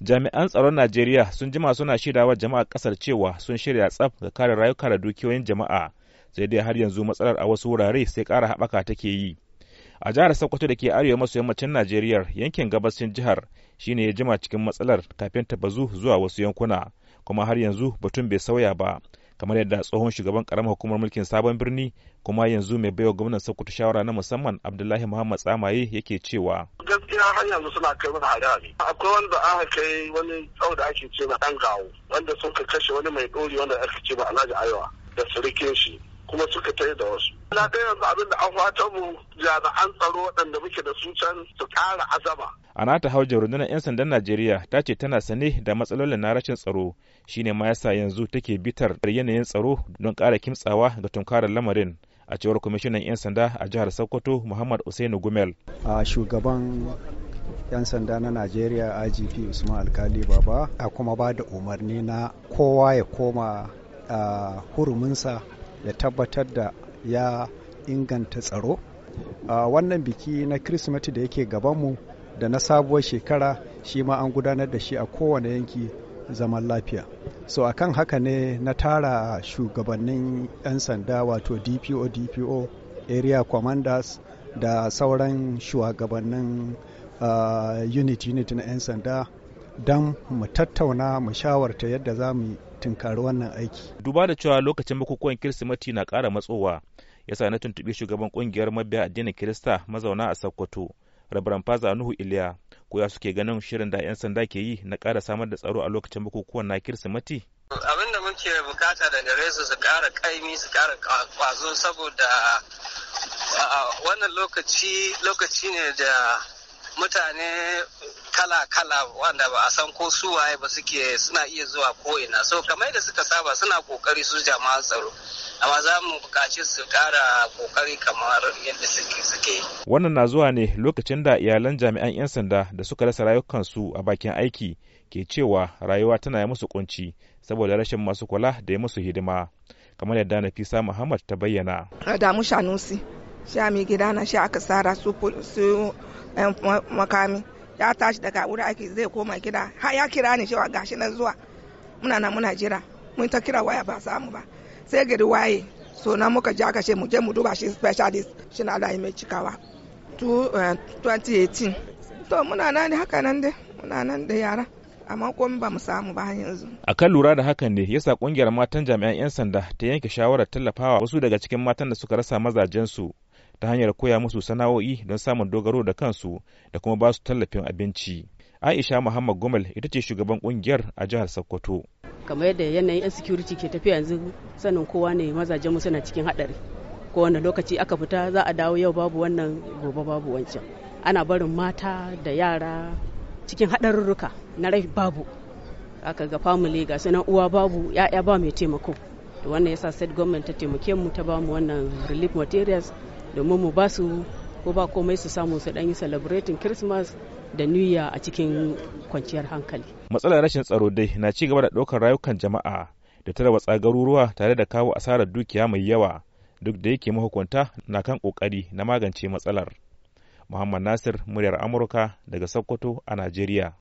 Jami'an tsaron Najeriya sun jima suna shirya wa jama'a kasar cewa sun shirya tsaf ga kare rayuka da dukiyoyin jama'a sai dai har yanzu matsalar a wasu wurare sai kara haɓaka take yi. A jihar Sokoto da ke arewa maso yammacin Najeriya yankin gabashin jihar shine ya jima cikin matsalar kafin ta bazu zuwa wasu yankuna kuma har yanzu batun bai sauya ba kamar yadda tsohon shugaban karamar hukumar mulkin sabon birni kuma yanzu mai baiwa gwamnan sokoto shawara na musamman abdullahi muhammad tsamaye yake cewa gaskiya har yanzu suna kai mana hare akwai wanda aka kai wani tsau da ake ce na dan gawo wanda sun kashe wani mai dori wanda aka ce ba alhaji aiwa da surikin shi kuma suka tai da wasu. Na ga yanzu abin da an fata mu jami'an tsaro waɗanda muke da su can su ƙara azama. A nata hauja rundunar 'yan sandan Najeriya ta ce tana sane da matsalolin na rashin tsaro shine ma yasa yanzu take bitar da yanayin tsaro don ƙara kimtsawa ga tunkarar lamarin. a cewar kwamishinan 'yan sanda a jihar sokoto muhammad usainu gumel a shugaban 'yan sanda na najeriya igp usman alkali baba a kuma ba da umarni na kowa ya koma huruminsa ya tabbatar da ya inganta tsaro a wannan biki na kirsimeti da yake gabanmu da na sabuwar shekara shi ma an gudanar da shi a kowane yanki zaman lafiya so a kan haka ne na tara shugabannin 'yan sanda wato dpo dpo area commanders da sauran shugabannin uh, unit unit na 'yan sanda don mu tattauna mu shawarta yadda za mu tunkari wannan aiki. Duba da cewa lokacin bukukuwan Kirsimeti na kara matsowa, ya sa na tuntuɓi shugaban ƙungiyar mabiya addinin Kirista mazauna a Sokoto, Rabaran Faza Nuhu Iliya, ko ya suke ganin shirin da 'yan sanda ke yi na ƙara samar da tsaro a lokacin bukukuwan na Kirsimeti? Abin da muke bukata da gare su su ƙara ƙaimi su ƙara kwazo saboda wannan lokaci lokaci ne da mutane kala-kala wanda ba a san ko su waye ba suke suna iya zuwa ko ina so kamar da suka saba suna kokari su jama'an tsaro amma za mu bukaci su kara kokari kamar yadda suke suke wannan na zuwa ne lokacin da iyalan jami'an 'yan sanda da suka rasa rayukansu a bakin aiki ke cewa rayuwa tana musu kunci saboda rashin masu kula da ya musu hidima kamar yadda nafisa muhammad ta bayyana da mu shanusi sha mai gida na sha aka tsara su makami ya tashi daga wuri aiki zai koma gida ha ya kira ni cewa gashi nan zuwa muna na muna jira mun ta kira waya ba samu ba sai gari waye so na muka ja kashe mu je mu duba shi specialist shi na da mai cikawa 2018 eh, to muna nan haka nan dai muna nan da yara amma kuma ba mu samu ba yanzu. A kan lura da hakan ne yasa kungiyar matan jami'an 'yan sanda ta yanke shawarar tallafawa wasu daga cikin matan da suka rasa mazajensu ta hanyar koya musu sana'o'i don samun dogaro da kansu da kuma ba su tallafin abinci. Aisha Muhammad Gomel ita ce shugaban kungiyar a jihar Sokoto. Kamar yadda yanayin security ke tafiya yanzu sanin kowa ne mazajen mu suna cikin hadari. Kowane lokaci aka fita za a dawo yau babu wannan gobe babu wancan. Ana barin mata da yara cikin hadarurruka na rai babu. Aka ga family ga sanan uwa babu ya'ya ba mai taimako. To wannan yasa state government ta taimake mu ta bamu wannan relief materials domin mu ba su ko ba komai su samu su dan yi celebrating Christmas da New Year a cikin kwanciyar hankali. Matsalar rashin tsaro dai na ci gaba da ɗaukar rayukan jama'a da ta tarwatsa garuruwa tare da kawo asarar dukiya mai yawa duk da yake mahukunta na kan ƙoƙari na magance matsalar. Muhammad Nasir, muryar Amurka daga Sokoto a Najeriya.